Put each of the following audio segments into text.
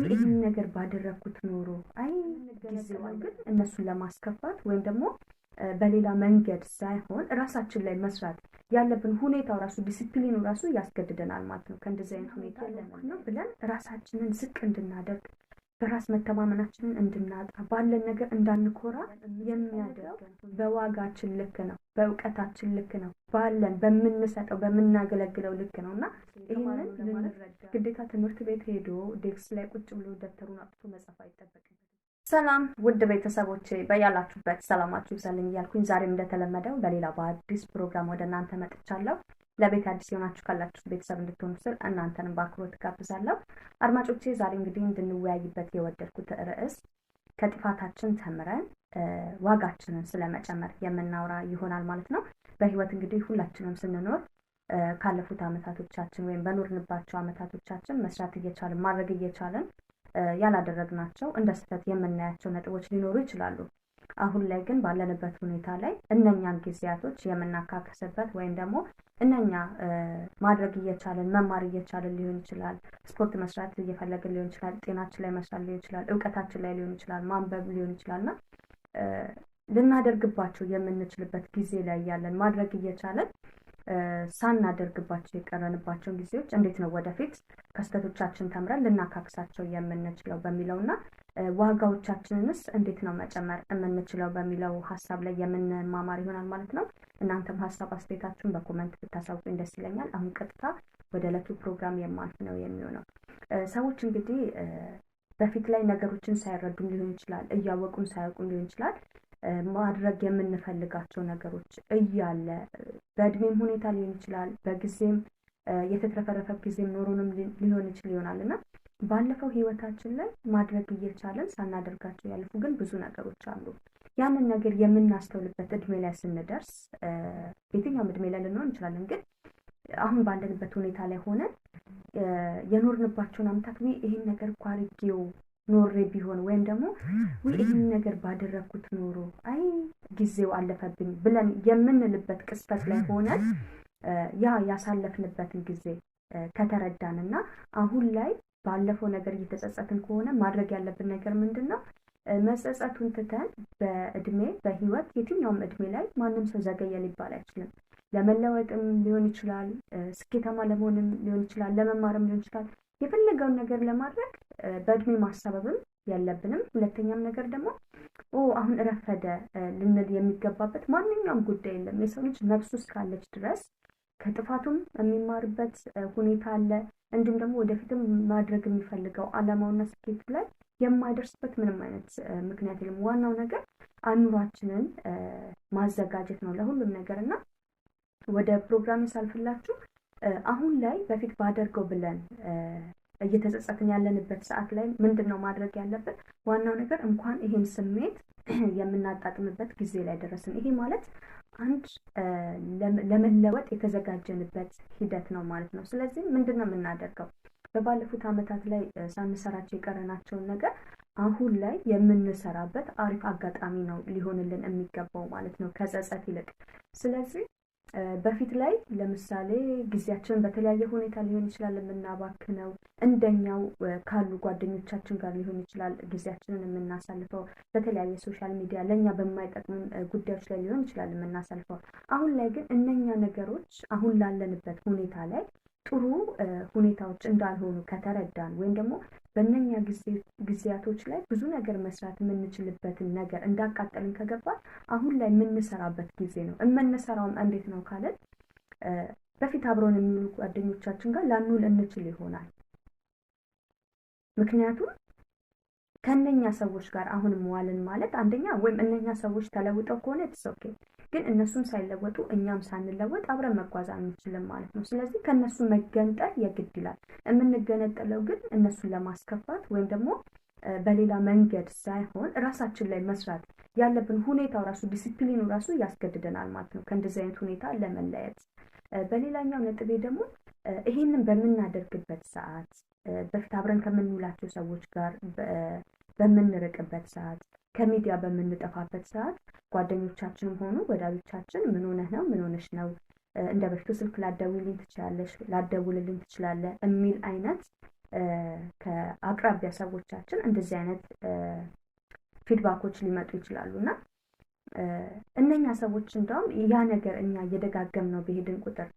ወይ ይህን ነገር ባደረግኩት ኖሮ አይ ጊዜዋል። ግን እነሱን ለማስከፋት ወይም ደግሞ በሌላ መንገድ ሳይሆን ራሳችን ላይ መስራት ያለብን ሁኔታው ራሱ ዲሲፕሊኑ ራሱ ያስገድደናል ማለት ነው። ከእንደዚህ አይነት ሁኔታ ለማለት ነው ብለን ራሳችንን ዝቅ እንድናደርግ በራስ መተማመናችንን እንድናጣ ባለን ነገር እንዳንኮራ የሚያደርገን በዋጋችን ልክ ነው፣ በእውቀታችን ልክ ነው፣ ባለን በምንሰጠው በምናገለግለው ልክ ነው እና ይህንን ግዴታ ትምህርት ቤት ሄዶ ዴስክ ላይ ቁጭ ብሎ ደብተሩን አውጥቶ መጻፍ አይጠበቅም። ሰላም ውድ ቤተሰቦች በያላችሁበት ሰላማችሁ ይብዛልኝ እያልኩኝ ዛሬም እንደተለመደው በሌላ በአዲስ ፕሮግራም ወደ እናንተ መጥቻለሁ። ለቤት አዲስ የሆናችሁ ካላችሁ ቤተሰብ እንድትሆኑ ስል እናንተንም በአክብሮት ጋብዛለሁ። አድማጮቼ ዛሬ እንግዲህ እንድንወያይበት የወደድኩት ርዕስ ከጥፋታችን ተምረን ዋጋችንን ስለመጨመር የምናወራ ይሆናል ማለት ነው። በህይወት እንግዲህ ሁላችንም ስንኖር ካለፉት አመታቶቻችን ወይም በኖርንባቸው አመታቶቻችን መስራት እየቻልን ማድረግ እየቻልን ያላደረግናቸው እንደ ስህተት የምናያቸው ነጥቦች ሊኖሩ ይችላሉ። አሁን ላይ ግን ባለንበት ሁኔታ ላይ እነኛን ጊዜያቶች የምናካከስበት ወይም ደግሞ እነኛ ማድረግ እየቻለን መማር እየቻለን ሊሆን ይችላል። ስፖርት መስራት እየፈለግን ሊሆን ይችላል። ጤናችን ላይ መስራት ሊሆን ይችላል። እውቀታችን ላይ ሊሆን ይችላል። ማንበብ ሊሆን ይችላል እና ልናደርግባቸው የምንችልበት ጊዜ ላይ ያለን ማድረግ እየቻለን ሳናደርግባቸው የቀረንባቸውን ጊዜዎች እንዴት ነው ወደፊት ከስተቶቻችን ተምረን ልናካክሳቸው የምንችለው በሚለው እና ዋጋዎቻችንንስ እንዴት ነው መጨመር የምንችለው በሚለው ሀሳብ ላይ የምንማማር ይሆናል ማለት ነው። እናንተም ሀሳብ አስተያየታችሁን በኮመንት ብታሳውቁኝ ደስ ይለኛል። አሁን ቀጥታ ወደ ዕለቱ ፕሮግራም የማልፍ ነው የሚሆነው። ሰዎች እንግዲህ በፊት ላይ ነገሮችን ሳይረዱም ሊሆን ይችላል፣ እያወቁም ሳያውቁም ሊሆን ይችላል ማድረግ የምንፈልጋቸው ነገሮች እያለ በእድሜም ሁኔታ ሊሆን ይችላል፣ በጊዜም የተትረፈረፈ ጊዜም ኖሮንም ሊሆን ይችል ይሆናል እና ባለፈው ህይወታችን ላይ ማድረግ እየቻለን ሳናደርጋቸው ያለፉ ግን ብዙ ነገሮች አሉ። ያንን ነገር የምናስተውልበት እድሜ ላይ ስንደርስ የትኛውም እድሜ ላይ ልንሆን እንችላለን፣ ግን አሁን ባለንበት ሁኔታ ላይ ሆነን የኖርንባቸውን አመታት ይህን ነገር እኮ አድርጌው ኖሬ ቢሆን ወይም ደግሞ ይህን ነገር ባደረግኩት ኖሮ አይ ጊዜው አለፈብኝ ብለን የምንልበት ቅስፈት ላይ ሆነን ያ ያሳለፍንበትን ጊዜ ከተረዳን እና አሁን ላይ ባለፈው ነገር እየተጸጸትን ከሆነ ማድረግ ያለብን ነገር ምንድን ነው? መጸጸቱን ትተን በእድሜ በህይወት የትኛውም እድሜ ላይ ማንም ሰው ዘገየ ሊባል አይችልም። ለመለወጥም ሊሆን ይችላል፣ ስኬታማ ለመሆንም ሊሆን ይችላል፣ ለመማርም ሊሆን ይችላል። የፈለገውን ነገር ለማድረግ በእድሜ ማሳበብም የለብንም። ሁለተኛም ነገር ደግሞ ኦ አሁን እረፈደ ልንል የሚገባበት ማንኛውም ጉዳይ የለም። የሰው ልጅ ነፍሱ እስካለች ድረስ ከጥፋቱም የሚማርበት ሁኔታ አለ። እንዲሁም ደግሞ ወደፊትም ማድረግ የሚፈልገው አላማውና ስኬቱ ላይ የማይደርስበት ምንም አይነት ምክንያት የለም። ዋናው ነገር አእምሯችንን ማዘጋጀት ነው ለሁሉም ነገር እና ወደ ፕሮግራም ሳልፍላችሁ አሁን ላይ በፊት ባደርገው ብለን እየተጸጸትን ያለንበት ሰዓት ላይ ምንድን ነው ማድረግ ያለበት ዋናው ነገር እንኳን ይሄን ስሜት የምናጣጥምበት ጊዜ ላይ ደረስን። ይሄ ማለት አንድ ለመለወጥ የተዘጋጀንበት ሂደት ነው ማለት ነው። ስለዚህ ምንድን ነው የምናደርገው? በባለፉት ዓመታት ላይ ሳንሰራቸው የቀረናቸውን ነገር አሁን ላይ የምንሰራበት አሪፍ አጋጣሚ ነው ሊሆንልን የሚገባው ማለት ነው ከጸጸት ይልቅ። ስለዚህ በፊት ላይ ለምሳሌ ጊዜያችንን በተለያየ ሁኔታ ሊሆን ይችላል የምናባክነው። እንደኛው ካሉ ጓደኞቻችን ጋር ሊሆን ይችላል ጊዜያችንን የምናሳልፈው። በተለያየ ሶሻል ሚዲያ ለእኛ በማይጠቅሙን ጉዳዮች ላይ ሊሆን ይችላል የምናሳልፈው። አሁን ላይ ግን እነኛ ነገሮች አሁን ላለንበት ሁኔታ ላይ ጥሩ ሁኔታዎች እንዳልሆኑ ከተረዳን ወይም ደግሞ በእነኛ ጊዜያቶች ላይ ብዙ ነገር መስራት የምንችልበትን ነገር እንዳቃጠልን ከገባን አሁን ላይ የምንሰራበት ጊዜ ነው። የምንሰራውም እንዴት ነው ካለን በፊት አብረን የሚውሉ ጓደኞቻችን ጋር ላንውል እንችል ይሆናል። ምክንያቱም ከእነኛ ሰዎች ጋር አሁን መዋልን ማለት አንደኛ ወይም እነኛ ሰዎች ተለውጠው ከሆነ ትሶኬ ግን እነሱም ሳይለወጡ እኛም ሳንለወጥ አብረን መጓዝ አንችልም ማለት ነው። ስለዚህ ከእነሱ መገንጠል የግድ ይላል። የምንገነጠለው ግን እነሱን ለማስከፋት ወይም ደግሞ በሌላ መንገድ ሳይሆን ራሳችን ላይ መስራት ያለብን ሁኔታው ራሱ ዲሲፕሊኑ ራሱ ያስገድደናል ማለት ነው ከእንደዚህ አይነት ሁኔታ ለመለየት። በሌላኛው ነጥቤ ደግሞ ይሄንን በምናደርግበት ሰዓት በፊት አብረን ከምንውላቸው ሰዎች ጋር በምንርቅበት ሰዓት ከሚዲያ በምንጠፋበት ሰዓት ጓደኞቻችንም ሆኑ ወዳጆቻችን ምን ሆነህ ነው ምን ሆነሽ ነው እንደ በፊቱ ስልክ ላደውልኝ ትችላለሽ ላደውልልኝ ትችላለ የሚል አይነት ከአቅራቢያ ሰዎቻችን እንደዚህ አይነት ፊድባኮች ሊመጡ ይችላሉ እና እነኛ ሰዎች እንደውም ያ ነገር እኛ እየደጋገም ነው በሄድን ቁጥር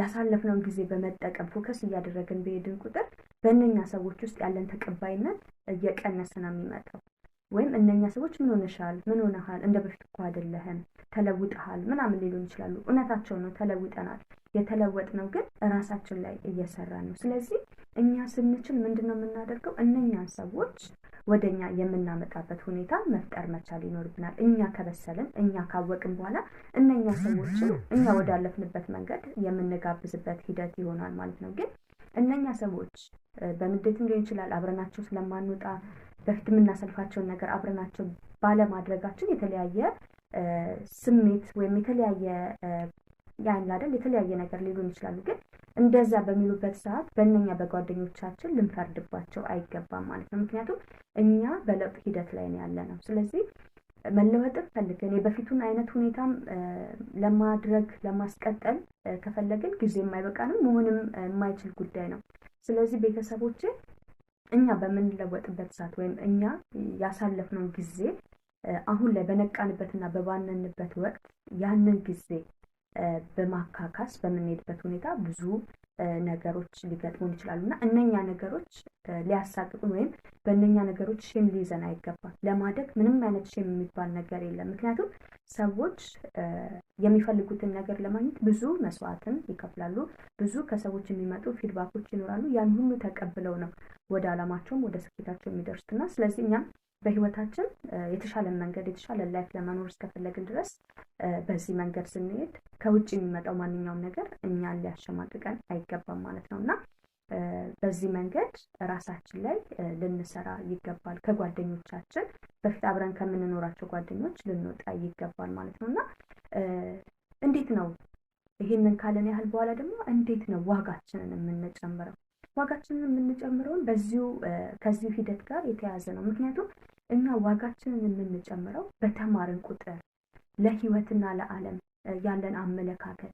ያሳለፍነውን ጊዜ በመጠቀም ፎከስ እያደረግን በሄድን ቁጥር በእነኛ ሰዎች ውስጥ ያለን ተቀባይነት እየቀነሰ ነው የሚመጣው ወይም እነኛ ሰዎች ምን ሆነሻል፣ ምን ሆነሃል፣ እንደ በፊት እኮ አይደለህም፣ ተለውጠሃል ምናምን ሊሉን ይችላሉ። እውነታቸው ነው፣ ተለውጠናል። የተለወጥነው ግን እራሳችን ላይ እየሰራን ነው። ስለዚህ እኛ ስንችል ምንድን ነው የምናደርገው? እነኛን ሰዎች ወደ እኛ የምናመጣበት ሁኔታ መፍጠር መቻል ይኖርብናል። እኛ ከበሰልን፣ እኛ ካወቅን በኋላ እነኛ ሰዎችን እኛ ወዳለፍንበት መንገድ የምንጋብዝበት ሂደት ይሆናል ማለት ነው። ግን እነኛ ሰዎች በንዴትም ሊሆን ይችላል፣ አብረናቸው ስለማንወጣ በፊት የምናሰልፋቸውን ነገር አብረናቸው ባለማድረጋችን የተለያየ ስሜት ወይም የተለያየ ያን የተለያየ ነገር ሊሉን ይችላሉ። ግን እንደዛ በሚሉበት ሰዓት በእነኛ በጓደኞቻችን ልንፈርድባቸው አይገባም ማለት ነው። ምክንያቱም እኛ በለውጥ ሂደት ላይ ነው ያለ ነው። ስለዚህ መለወጥን ፈልገን የበፊቱን አይነት ሁኔታም ለማድረግ ለማስቀጠል ከፈለግን ጊዜ የማይበቃንም መሆንም የማይችል ጉዳይ ነው። ስለዚህ ቤተሰቦች እኛ በምንለወጥበት ሰዓት ወይም እኛ ያሳለፍነው ጊዜ አሁን ላይ በነቃንበትና በባነንበት ወቅት ያንን ጊዜ በማካካስ በምንሄድበት ሁኔታ ብዙ ነገሮች ሊገጥሙን ይችላሉ እና እነኛ ነገሮች ሊያሳቅቁን ወይም በእነኛ ነገሮች ሼም ሊይዘን አይገባም። ለማደግ ምንም አይነት ሼም የሚባል ነገር የለም። ምክንያቱም ሰዎች የሚፈልጉትን ነገር ለማግኘት ብዙ መስዋዕትን ይከፍላሉ። ብዙ ከሰዎች የሚመጡ ፊድባኮች ይኖራሉ። ያን ሁሉ ተቀብለው ነው ወደ አላማቸውም ወደ ስኬታቸው የሚደርሱት እና ስለዚህ እኛም በህይወታችን የተሻለ መንገድ የተሻለ ላይፍ ለመኖር እስከፈለግን ድረስ በዚህ መንገድ ስንሄድ ከውጭ የሚመጣው ማንኛውም ነገር እኛን ሊያሸማቅቀን አይገባም ማለት ነው እና በዚህ መንገድ ራሳችን ላይ ልንሰራ ይገባል። ከጓደኞቻችን በፊት አብረን ከምንኖራቸው ጓደኞች ልንወጣ ይገባል ማለት ነው እና እንዴት ነው ይህንን ካለን ያህል በኋላ ደግሞ እንዴት ነው ዋጋችንን የምንጨምረው? ዋጋችንን የምንጨምረውን በዚሁ ከዚሁ ሂደት ጋር የተያያዘ ነው። ምክንያቱም እኛ ዋጋችንን የምንጨምረው በተማርን ቁጥር ለህይወትና ለዓለም ያለን አመለካከት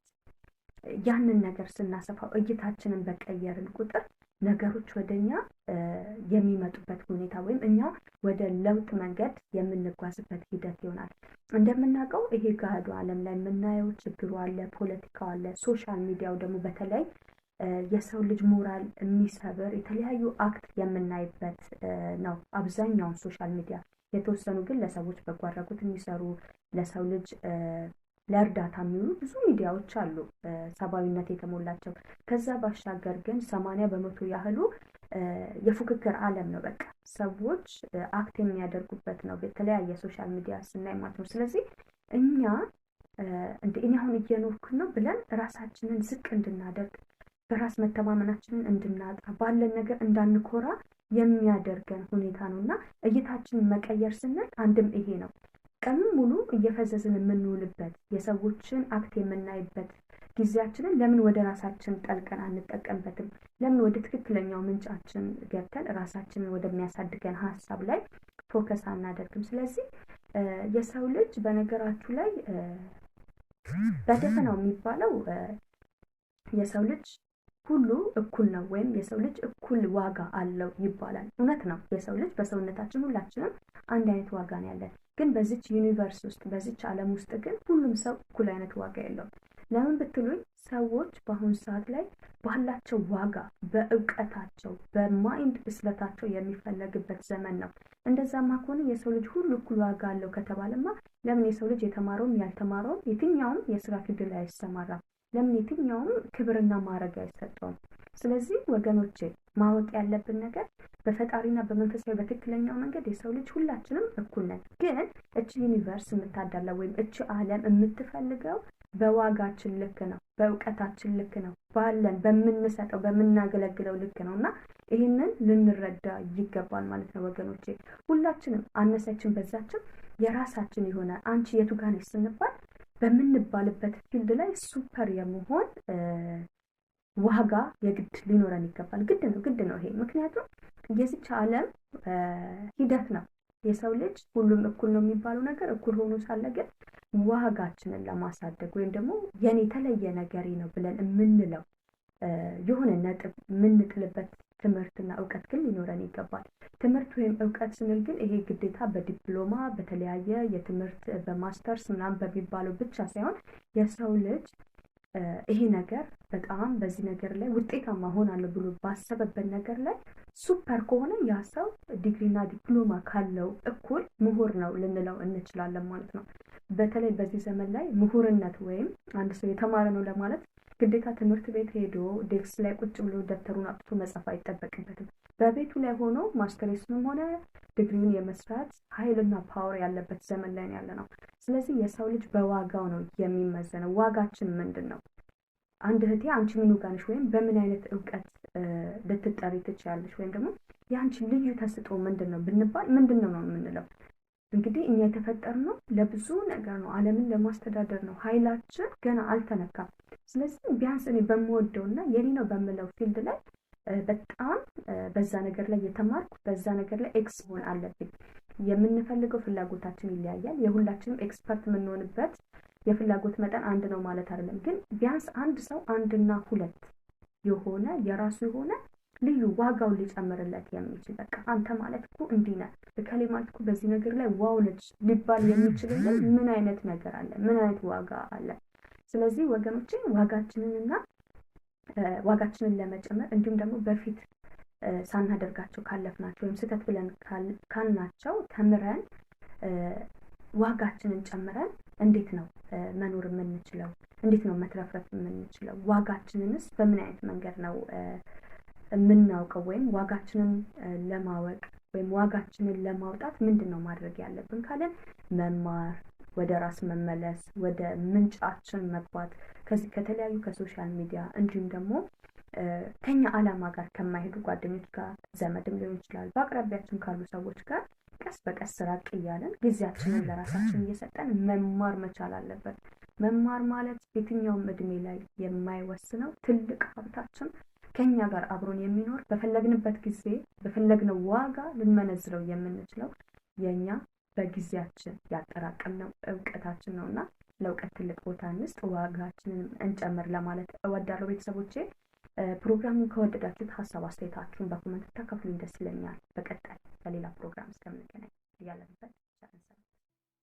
ያንን ነገር ስናሰፋው እይታችንን በቀየርን ቁጥር ነገሮች ወደ እኛ የሚመጡበት ሁኔታ ወይም እኛ ወደ ለውጥ መንገድ የምንጓዝበት ሂደት ይሆናል። እንደምናውቀው ይሄ ገሃዱ ዓለም ላይ የምናየው ችግሩ አለ፣ ፖለቲካው አለ፣ ሶሻል ሚዲያው ደግሞ በተለይ የሰው ልጅ ሞራል የሚሰብር የተለያዩ አክት የምናይበት ነው አብዛኛውን ሶሻል ሚዲያ። የተወሰኑ ግን ለሰዎች በጎ አድራጎት የሚሰሩ ለሰው ልጅ ለእርዳታ የሚውሉ ብዙ ሚዲያዎች አሉ ሰብአዊነት የተሞላቸው። ከዛ ባሻገር ግን ሰማንያ በመቶ ያህሉ የፉክክር ዓለም ነው። በቃ ሰዎች አክት የሚያደርጉበት ነው የተለያየ ሶሻል ሚዲያ ስናይ ማለት ነው። ስለዚህ እኛ እንደ እኔ አሁን እየኖርኩ ነው ብለን ራሳችንን ዝቅ እንድናደርግ በራስ መተማመናችንን እንድናጣ ባለን ነገር እንዳንኮራ የሚያደርገን ሁኔታ ነው እና እይታችንን መቀየር ስንል አንድም ይሄ ነው። ቀንም ሙሉ እየፈዘዝን የምንውልበት የሰዎችን አክት የምናይበት ጊዜያችንን ለምን ወደ ራሳችን ጠልቀን አንጠቀምበትም? ለምን ወደ ትክክለኛው ምንጫችን ገብተን ራሳችንን ወደሚያሳድገን ሀሳብ ላይ ፎከስ አናደርግም? ስለዚህ የሰው ልጅ በነገራችሁ ላይ በደፈናው የሚባለው የሰው ልጅ ሁሉ እኩል ነው ወይም የሰው ልጅ እኩል ዋጋ አለው ይባላል። እውነት ነው። የሰው ልጅ በሰውነታችን ሁላችንም አንድ አይነት ዋጋ ነው ያለን። ግን በዚች ዩኒቨርስ ውስጥ በዚች ዓለም ውስጥ ግን ሁሉም ሰው እኩል አይነት ዋጋ የለውም። ለምን ብትሉኝ ሰዎች በአሁኑ ሰዓት ላይ ባላቸው ዋጋ፣ በእውቀታቸው፣ በማይንድ ብስለታቸው የሚፈለግበት ዘመን ነው። እንደዛማ ከሆነ የሰው ልጅ ሁሉ እኩል ዋጋ አለው ከተባለማ ለምን የሰው ልጅ የተማረውም ያልተማረውም የትኛውም የስራ ክድል አይሰማራም? ለምን የትኛውም ክብርና ማዕረግ አይሰጠውም። ስለዚህ ወገኖቼ ማወቅ ያለብን ነገር በፈጣሪና በመንፈሳዊ በትክክለኛው መንገድ የሰው ልጅ ሁላችንም እኩል ነን። ግን እች ዩኒቨርስ የምታዳለው ወይም እች ዓለም የምትፈልገው በዋጋችን ልክ ነው፣ በእውቀታችን ልክ ነው፣ ባለን በምንሰጠው በምናገለግለው ልክ ነው እና ይህንን ልንረዳ ይገባል ማለት ነው ወገኖቼ። ሁላችንም አነሳችን በዛችን የራሳችን የሆነ አንቺ የቱ ጋር ስንባል በምንባልበት ፊልድ ላይ ሱፐር የመሆን ዋጋ የግድ ሊኖረን ይገባል። ግድ ነው ግድ ነው ይሄ ምክንያቱም የዚች ዓለም ሂደት ነው። የሰው ልጅ ሁሉም እኩል ነው የሚባለው ነገር እኩል ሆኖ ሳለ ግን ዋጋችንን ለማሳደግ ወይም ደግሞ የኔ የተለየ ነገሬ ነው ብለን የምንለው የሆነ ነጥብ የምንጥልበት ትምህርትና እውቀት ግን ሊኖረን ይገባል። ትምህርት ወይም እውቀት ስንል ግን ይሄ ግዴታ በዲፕሎማ በተለያየ የትምህርት በማስተርስ ምናምን በሚባለው ብቻ ሳይሆን የሰው ልጅ ይሄ ነገር በጣም በዚህ ነገር ላይ ውጤታማ ሆናለሁ ብሎ ባሰበበት ነገር ላይ ሱፐር ከሆነ ያ ሰው ዲግሪና ዲፕሎማ ካለው እኩል ምሁር ነው ልንለው እንችላለን ማለት ነው። በተለይ በዚህ ዘመን ላይ ምሁርነት ወይም አንድ ሰው የተማረ ነው ለማለት ግዴታ ትምህርት ቤት ሄዶ ዴስክ ላይ ቁጭ ብሎ ደብተሩን አጥቶ መጻፍ አይጠበቅበትም። በቤቱ ላይ ሆኖ ማስተሬስንም ሆነ ድግሪውን የመስራት ኃይልና ፓወር ያለበት ዘመን ላይ ያለ ነው። ስለዚህ የሰው ልጅ በዋጋው ነው የሚመዘነው። ዋጋችን ምንድን ነው? አንድ እህቴ አንቺ ምን ጋር ወይም በምን አይነት እውቀት ልትጠሪ ትችያለሽ ወይም ደግሞ የአንቺ ልዩ ተስጦ ምንድን ነው ብንባል ምንድን ነው ነው የምንለው? እንግዲህ እኛ የተፈጠርነው ለብዙ ነገር ነው። ዓለምን ለማስተዳደር ነው። ኃይላችን ገና አልተነካም። ስለዚህ ቢያንስ እኔ በምወደው እና የኔ ነው በምለው ፊልድ ላይ በጣም በዛ ነገር ላይ የተማርኩ በዛ ነገር ላይ ኤክስ መሆን አለብኝ። የምንፈልገው ፍላጎታችን ይለያያል። የሁላችንም ኤክስፐርት የምንሆንበት የፍላጎት መጠን አንድ ነው ማለት አይደለም። ግን ቢያንስ አንድ ሰው አንድና ሁለት የሆነ የራሱ የሆነ ልዩ ዋጋውን ሊጨምርለት የሚችል በቃ አንተ ማለት እኮ እንዲህ ነህ፣ እከሌ ማለት እኮ በዚህ ነገር ላይ ዋው ነች ሊባል የሚችል ምን አይነት ነገር አለ? ምን አይነት ዋጋ አለ? ስለዚህ ወገኖችን ዋጋችንንና ዋጋችንን ለመጨመር እንዲሁም ደግሞ በፊት ሳናደርጋቸው ካለፍናቸው ወይም ስህተት ብለን ካልናቸው ተምረን ዋጋችንን ጨምረን እንዴት ነው መኖር የምንችለው? እንዴት ነው መትረፍረፍ የምንችለው? ዋጋችንንስ በምን አይነት መንገድ ነው የምናውቀው ወይም ዋጋችንን ለማወቅ ወይም ዋጋችንን ለማውጣት ምንድን ነው ማድረግ ያለብን ካለን መማር፣ ወደ ራስ መመለስ፣ ወደ ምንጫችን መግባት ከዚህ ከተለያዩ ከሶሻል ሚዲያ እንዲሁም ደግሞ ከኛ ዓላማ ጋር ከማይሄዱ ጓደኞች ጋር ዘመድም ሊሆን ይችላል፣ በአቅራቢያችን ካሉ ሰዎች ጋር ቀስ በቀስ ራቅ እያለን ጊዜያችንን ለራሳችን እየሰጠን መማር መቻል አለበት። መማር ማለት የትኛውም እድሜ ላይ የማይወስነው ትልቅ ሀብታችን ከኛ ጋር አብሮን የሚኖር በፈለግንበት ጊዜ በፈለግነው ዋጋ ልንመነዝረው የምንችለው የእኛ በጊዜያችን ያጠራቀምነው እውቀታችን ነው እና ለእውቀት ትልቅ ቦታ እንስጥ፣ ዋጋችንን እንጨምር ለማለት እወዳለሁ። ቤተሰቦቼ ፕሮግራሙን ከወደዳችሁት ሀሳብ አስተያየታችሁን በኮመንት ተካፍሉኝ፣ ደስ ይለኛል። በቀጣይ በሌላ ፕሮግራም እስከምንገናኝ እያለንበት